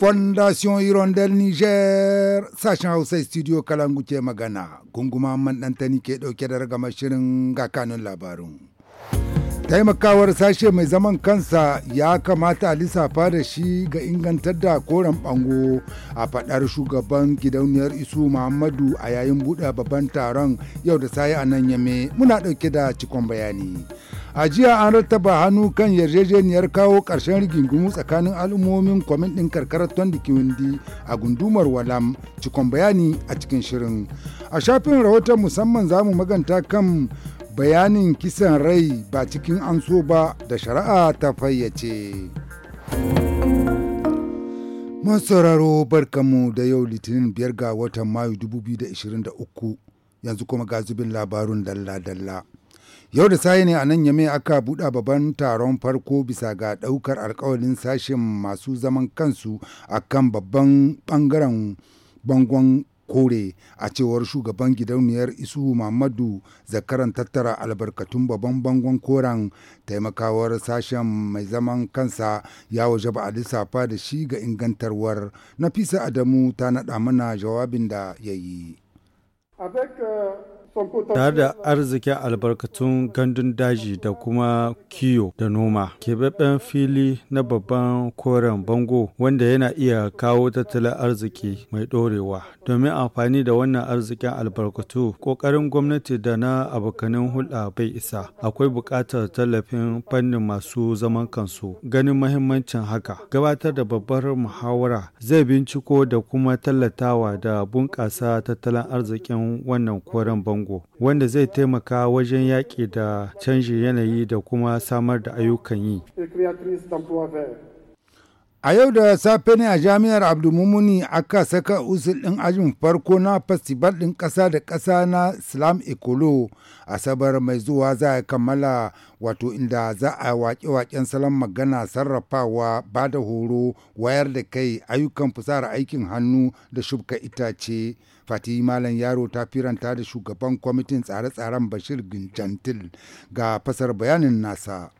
fondation hirondel niger sashen hausa studio kalangu ke magana gunguma man ɗantani ke dauke da ragama shirin ga kanun labarin taimakawar sashe mai zaman kansa ya kamata a lissafa da shi ga ingantar da koren bango a fadar shugaban gidauniyar isu muhammadu a yayin buɗe babban taron yau da sayi a nan yame muna dauke da cikon bayani a jiya an rattaba hannu kan yarjejeniyar kawo ƙarshen rigingimu tsakanin al'ummomin kwamin ɗin karkarar kiwindi a gundumar walam cikon bayani a cikin shirin a shafin rahoton musamman za mu maganta kan bayanin kisan rai ba cikin an so ba da shari'a ta fayyace masauraro barkamu da yau litinin biyar ga watan mayu 2023 yanzu kuma ga zubin labarun dalla-dalla Yau da sai ne a nan Yame aka buɗa babban taron farko bisa ga ɗaukar alkawalin sashen masu zaman kansu a kan babban ɓangaren bangon kore a cewar shugaban gidauniyar isu Muhammadu zakaran tattara albarkatun babban bangon koren taimakawar sashen mai zaman kansa ya waje ba a lissafa da shi ga ingantarwar na fisa adamu ta naɗa mana jawabin da ya yi. Euh, tare da arziki albarkatun gandun daji da kuma kiyo da noma keɓaɓɓen fili na babban koren bango wanda yana iya kawo tattalin arziki mai ɗorewa domin amfani da wannan arzikin albarkatu ƙoƙarin gwamnati da na abokanin hulɗa bai isa akwai buƙatar tallafin fannin masu zaman kansu ganin mahimmancin haka gabatar da babbar muhawara zai binciko da kuma tallatawa da bunƙasa tattalin arzikin wannan koren bango Congo, wanda zai taimaka wajen yaƙi da canjin yanayi da kuma samar da ayyukan yi. A yau da safe ne a jami'ar Abdulmumuni aka saka usul ɗin ajin farko na festival ɗin ƙasa da ƙasa na Islam Ecolo Asabar mai zuwa za a kammala wato inda za a waƙe-waƙen salon magana sarrafawa ba da horo wayar da kai ayyukan fusara aikin hannu da shubka itace. fatima Malam Yaro ta firanta da shugaban kwamitin tsare-tsaren Bashir Ginjantil ga fasar bayanin nasa.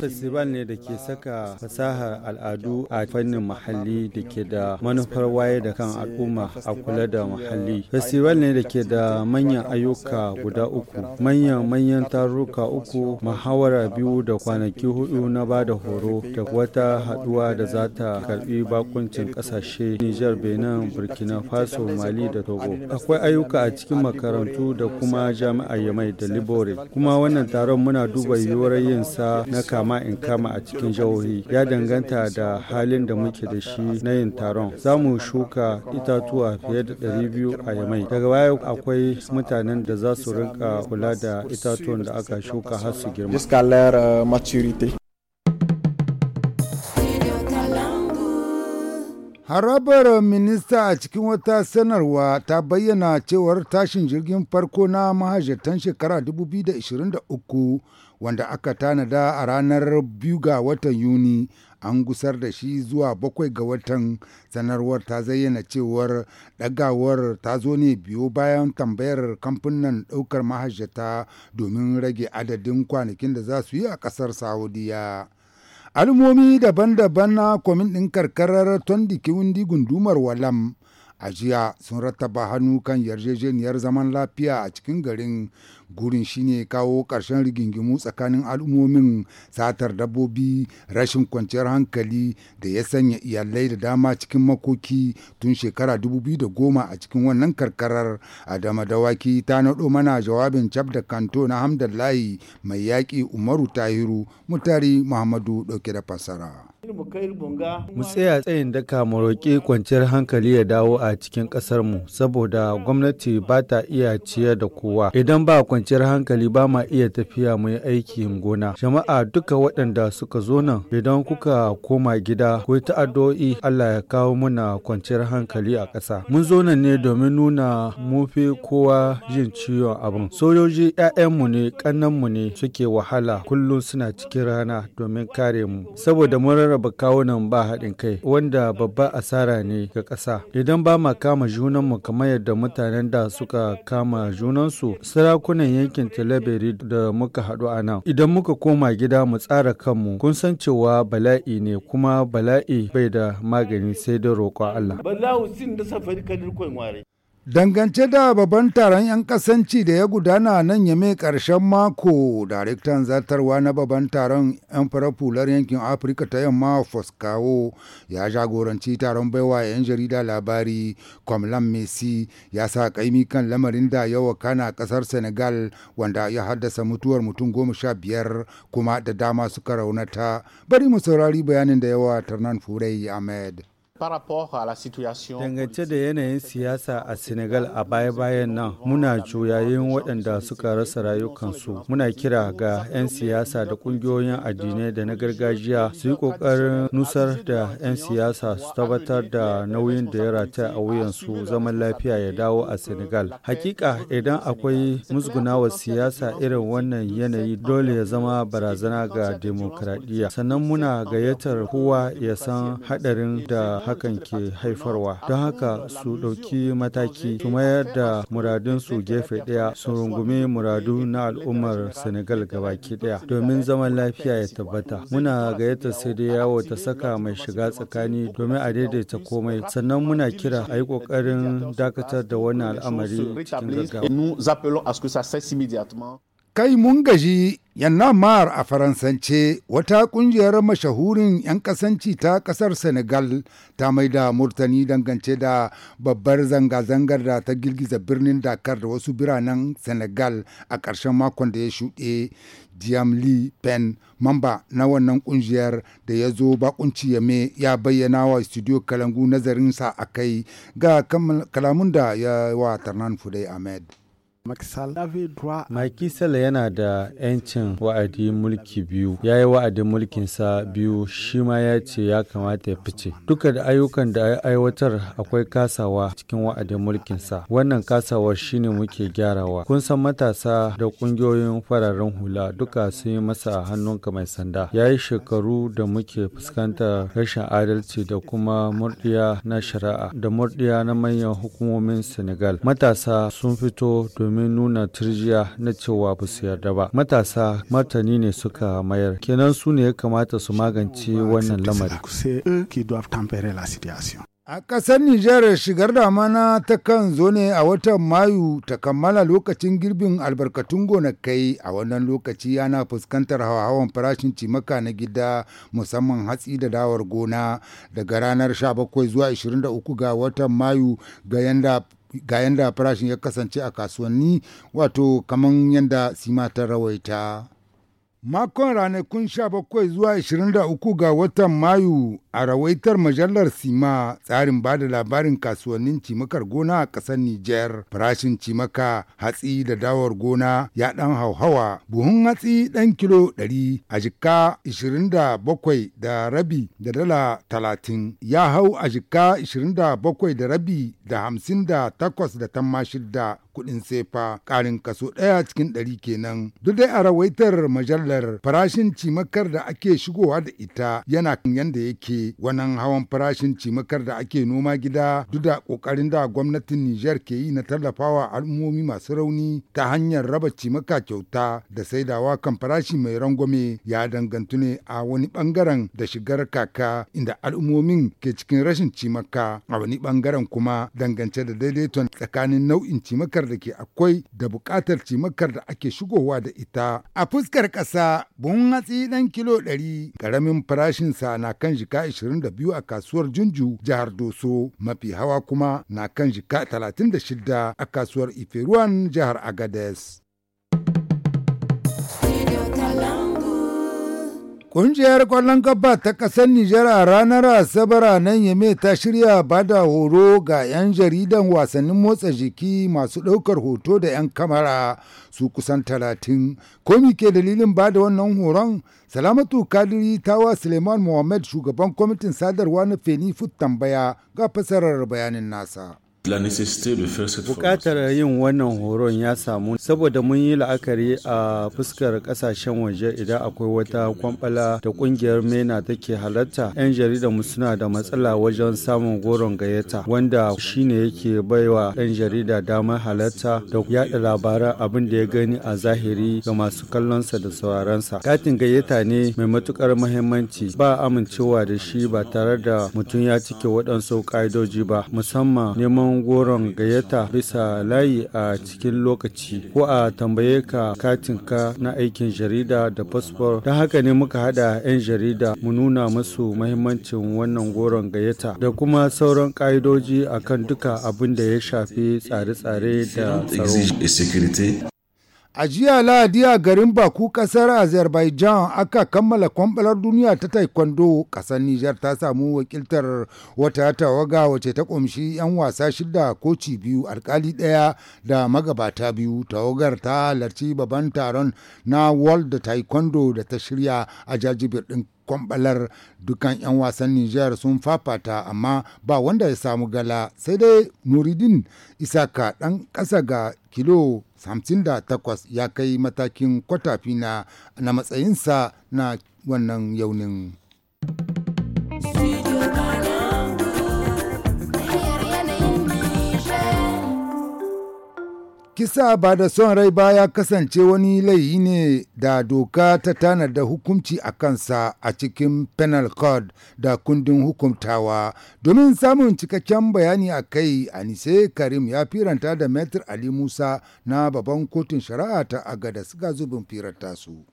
Festival ne da ke saka fasahar al'adu a fannin muhalli da ke da manufar waye da kan al'umma a kula da muhalli. Festival ne da ke da manyan ayyuka guda uku, manyan manyan taruka uku, mahawara biyu da kwanaki hudu na ba da horo da wata haduwa da za ta karbi bakuncin kasashe Nijar, Benin, Burkina Faso, Mali da Togo. Akwai ayyuka a cikin makarantu da kuma jami'a Yamai da Libore. Kuma wannan taron muna duba yiwuwar shawarar yin sa na kama in kama a cikin jihohi ya danganta da halin da muke da shi na yin taron za mu shuka itatuwa fiye da 200 a yamai daga baya akwai mutanen da za su rinka kula da itatuwan da aka shuka har su girma euh, Harabar minista a cikin wata sanarwa ta bayyana cewar tashin jirgin farko na mahajjatan shekara 2023 wanda aka tanada a ranar biyu ga watan Yuni an gusar da shi zuwa bakwai ga watan sanarwar ta zayyana cewar ɗagawar ta zo ne biyo bayan tambayar kamfanin ɗaukar mahajjata domin rage adadin kwanakin da za su yi a ƙasar Saudiya. almomi daban-daban na kwamin ɗin karkarar Tondi gundumar Walam a jiya sun rattaba hannu kan yarjejeniyar zaman lafiya a cikin garin gurin shine kawo ƙarshen rigingimu tsakanin al'ummomin satar dabbobi rashin kwanciyar hankali da ya sanya iyalai da dama cikin makoki tun shekara 2010 a cikin wannan karkarar adama dawaki ta naɗo mana jawabin cab da kanto na hamdallahi mai yaƙi umaru tahiru mutari muhammadu ɗauke da fasara. Mu tsaya tsayin daka mu roƙi kwanciyar hankali ya dawo a cikin ƙasarmu saboda gwamnati ba ta iya ciyar da kowa. Idan ba kwanciyar hankali ba ma iya tafiya mu yi aikin gona. Jama'a duka waɗanda suka zo nan idan kuka koma gida ko ta addu'o'i Allah ya kawo muna kwanciyar hankali a ƙasa. Mun zo nan ne domin nuna mu fi kowa jin ciwon abin. Sojoji 'ya'yanmu ne, ƙannanmu ne suke wahala kullum suna cikin rana domin kare mu. Saboda murar rarraba kawunan ba haɗin kai wanda babba asara ne ga ƙasa idan ba ma kama mu kamar yadda mutanen da suka kama junansu sarakunan yankin talabiri da muka haɗu a nan idan muka koma gida mu tsara kanmu kun san cewa bala'i ne kuma bala'i bai da magani sai da roƙon Allah. Dangance da babban taron 'yan kasanci da ya gudana nan yame ƙarshen mako, daraktan zartarwa na babban taron 'yan farafular yankin Afirka ta yamma Foskawo ya jagoranci taron baiwa 'yan jarida labari Kwamlan Messi ya sa kaimi kan lamarin da ya Kana ƙasar Senegal wanda ya haddasa mutuwar mutum goma sha biyar kuma da dama suka raunata. Bari mu saurari bayanin da yawa Tarnan Furai Ahmed. Dangance da yanayin siyasa a Senegal a baya-bayan nan muna juyayin waɗanda suka rasa rayukansu. Muna kira ga 'yan siyasa da ƙungiyoyin addinai da na gargajiya su yi ƙoƙarin nusar da 'yan siyasa su tabbatar da nauyin da ya rataya a wuyansu zaman lafiya ya dawo a Senegal. Hakika idan akwai musgunawa siyasa irin wannan yanayi dole ya zama barazana ga demokradiyya. Sannan muna gayyatar kowa ya san haɗarin da hakan ke haifarwa don haka su ɗauki mataki su mayar da muradunsu gefe ɗaya su rungumi muradu na al'ummar senegal gabaki ɗaya domin zaman lafiya ya tabbata muna gayyatar sai dai yawo ta saka mai shiga tsakani domin a daidaita komai sannan muna kira a yi ƙoƙarin dakatar da wannan al'amari cikin gaggawa Kai mun gaji Yannamar a Faransance wata kungiyar mashahurin 'yan kasanci ta kasar Senegal ta mai da murtani dangance da babbar zanga-zangar da ta girgiza birnin Dakar da wasu biranen Senegal a ƙarshen makon da ya shuɗe. Diamli Pen, mamba na wannan kungiyar da ya zo bakunci yame ya bayyana wa studio Kalangu nazarinsa a kai ga kalamun da ya wa Tarnan Fudai Ahmed. Maki Sall yana da 'yancin wa'adi mulki biyu, ya yi wa'adin mulkinsa biyu shi ma ya ce ya kamata ya fice. Duka da ayyukan da aiwatar akwai kasawa cikin wa'adin mulkinsa. Wannan kasawar shine muke gyarawa. Kun san matasa da ƙungiyoyin fararen hula duka sun yi masa hannunka mai sanda. Ya yi shekaru da muke fuskantar rashin adalci da kuma murɗiya na shari'a da murɗiya na manyan hukumomin Senegal. Matasa sun fito domin domin nuna turjiya na cewa ba su yarda ba matasa martani ne suka mayar kenan su ne ya kamata su magance wannan lamari A ƙasar Nijar shigar damana ta kan zo ne a watan Mayu ta kammala lokacin girbin albarkatun gonakai a wannan lokaci yana fuskantar hawa-hawan farashin cimaka na gida musamman hatsi da dawar gona daga ranar 17 zuwa 23 ga watan Mayu ga yanda ga yadda farashin ya kasance a kasuwanni wato kaman yadda sima ta rawaita. Makon ranakun sha bakwai zuwa 23 ga watan Mayu a rawaitar Majallar Sima tsarin ba da labarin kasuwannin cimakar gona a ƙasar Nijar farashin cimaka hatsi da dawar gona ya ɗan hauhawa buhun hatsi ɗan kilo 100 a jika 27 da rabi da dala talatin, ya hau a jika 27 da rabi da 58 da tamma shidda kuɗin sefa ƙarin kaso ɗaya cikin ɗari kenan duk dai a rawaitar majalar matsalar farashin cimakar da ake shigowa da ita yana kan yanda yake wannan hawan farashin cimakar da ake noma gida duk da kokarin da gwamnatin Nijar ke yi na tallafawa al'ummomi masu rauni ta hanyar raba cimaka kyauta da saidawa kan farashi mai rangwame ya dangantu ne a wani bangaren da shigar kaka inda al'ummomin ke cikin rashin cimaka a wani bangaren kuma dangance da daidaiton tsakanin nau'in cimakar da ke akwai da buƙatar cimakar da ake shigowa da ita a fuskar ƙasa ƙasa buhun hatsi ɗan kilo 100 ƙaramin farashinsa na kan jika 22 a kasuwar Junju jihar Doso mafi hawa kuma na kan jika 36 a kasuwar Iferuwan jihar Agades. Ƙungiyar ƙwallon kafa ta ƙasar Nijar a ranar Asabar a nan Yame ta shirya ba da horo ga 'yan jaridan wasannin motsa jiki masu ɗaukar hoto da 'yan kamara su kusan talatin. Komi ke dalilin ba da wannan horon? Salamatu Kadiri tawa Suleiman Mohammed shugaban kwamitin sadarwa na Feni Fut tambaya ga fasarar bayanin nasa. Bukatar yin wannan horon ya samu saboda mun yi la'akari a fuskar kasashen waje idan akwai wata kwamfala da kungiyar MENA take halatta, 'yan jarida mu suna da matsala wajen samun goron gayyata wanda shine yake baiwa 'yan jarida damar halatta da yada labaran abin da ya gani a zahiri ga masu kallonsa da sauraron sa. Katin gayyata ne mai matukar muhimmanci ba amincewa da shi ba tare da mutum ya cike waɗansu ƙa'idoji ba musamman neman neman goron gayyata bisa layi a cikin lokaci ko a tambaye ka katinka na aikin jarida da fasfor ta haka ne muka hada 'yan jarida mu nuna musu mahimmancin wannan goron gayyata da kuma sauran ka'idoji akan duka abin da ya shafi tsare-tsare da tsaro A jiya Lahadi a garin Baku kasar Azerbaijan aka kammala kwambalar duniya ta taekwondo kasar Nijar ta samu wakiltar wata tawaga wace ta kumshi 'yan wasa shida koci biyu alkali daya da magabata biyu tawagar ta halarci babban taron na World Taekwondo da ta shirya a jajibir din kwambalar dukan 'yan wasan Nijar sun fafata amma ba wanda ya samu gala sai dai Nuridin Isaka ɗan ƙasa ga kilo 58 ya kai matakin kwatafi na matsayinsa na wannan yaunin. Kisa ba da son rai ba ya kasance wani layi ne da doka ta tanada hukunci a kansa a cikin penal code da kundin hukumtawa. Domin samun cikakken bayani a kai, Anise Karim ya firanta da Metr Ali Musa na babban kotun shari'a ta Agada suka zubin firanta su.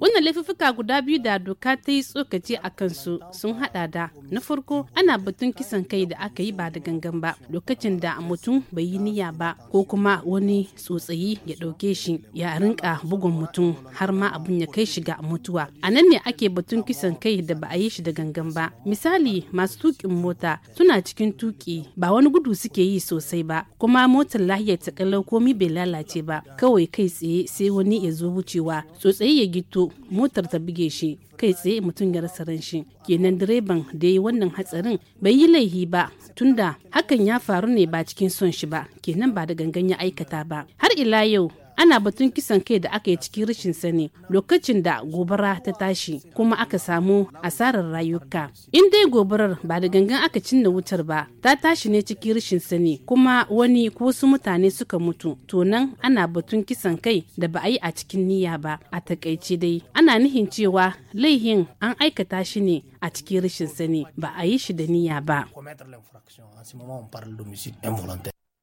Wannan laifuffuka guda biyu da doka ta yi tsokaci a kansu sun hada da na farko ana batun kisan kai da aka yi ba da gangan ba lokacin da mutum bai yi niyya ba ko kuma wani tsotsayi ya dauke shi ya rinka bugun mutum har ma abun ya kai shi ga mutuwa. A nan ne ake batun kisan kai da ba a yi shi da gangan ba. Misali masu tukin mota suna cikin tuki ba wani gudu suke yi sosai ba kuma motar lahiyar ta kalau komi bai lalace ba kawai kai tsaye sai wani ya zo wucewa tsotsi tsaye ya gito motar ta buge shi kai tsaye mutum ya rasa ran shi kenan direban da ya yi wannan hatsarin bai yi laihi ba tunda hakan ya faru ne ba cikin son shi ba kenan ba da gangan ya aikata ba har ila yau ana batun kisan kai da aka yi cikin rashin sani lokacin da gobara ta tashi kuma aka samu asarar rayuka in dai gobarar ba da gangan aka cinna wutar ba ta tashi ne cikin rashin sani kuma wani ko wasu mutane suka mutu to nan ana batun kisan kai da ba a yi a cikin niyya ba a takaice dai ana nihin cewa laihin an aikata shi ne a cikin rashin sani ba a yi shi da niyya ba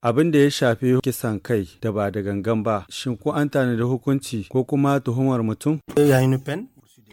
abin da ya shafi kisan kai da ba da gangan ba shin ko an tanadi hukunci ko kuma tuhumar mutum?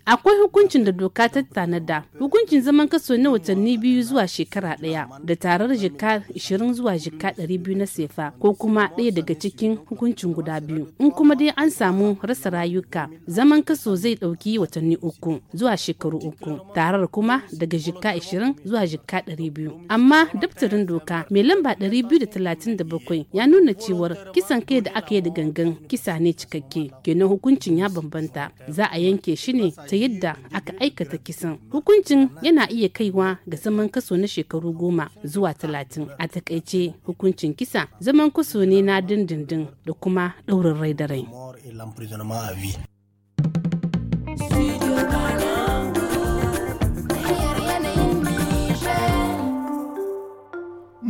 akwai hukuncin da doka ta tanada hukuncin zaman kaso na watanni biyu zuwa shekara ɗaya da tarar jika 20 zuwa jika 200 na sefa ko kuma ɗaya daga cikin hukuncin guda biyu in kuma dai an samu rasa rayuka zaman kaso zai ɗauki watanni uku zuwa shekaru uku tarar kuma daga jika 20 zuwa jika 200 amma daftarin doka mai lamba 237 ya nuna cewar kisan kai da aka yi da gangan kisa ne cikakke kenan hukuncin ya bambanta za a yanke shi ne ta yadda aka aikata kisan hukuncin yana iya kaiwa ga zaman kaso na shekaru goma zuwa talatin a takaice hukuncin kisa zaman kaso ne na dindindin da kuma ɗaurin rai da rai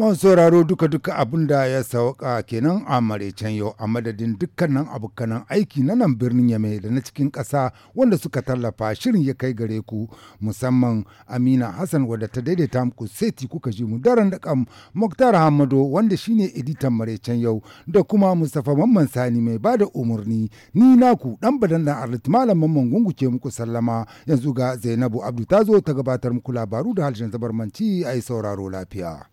mun sauraro duka-duka abin da ya sauka kenan a maraicen yau a madadin dukkanin abokanan aiki na nan birnin yame da na cikin ƙasa wanda suka tallafa shirin ya kai gare ku musamman amina hassan wadda ta daidaita muku seti kuka ji mu daren da kam muktar hamado wanda shine editan maraicen yau da kuma mustapha mamman sani mai ba da umarni ni naku dan badan da arlit malam mamman gungu ke muku sallama yanzu ga zainabu abdu ta zo ta gabatar muku labaru da harshen zabarmanci a yi sauraro lafiya.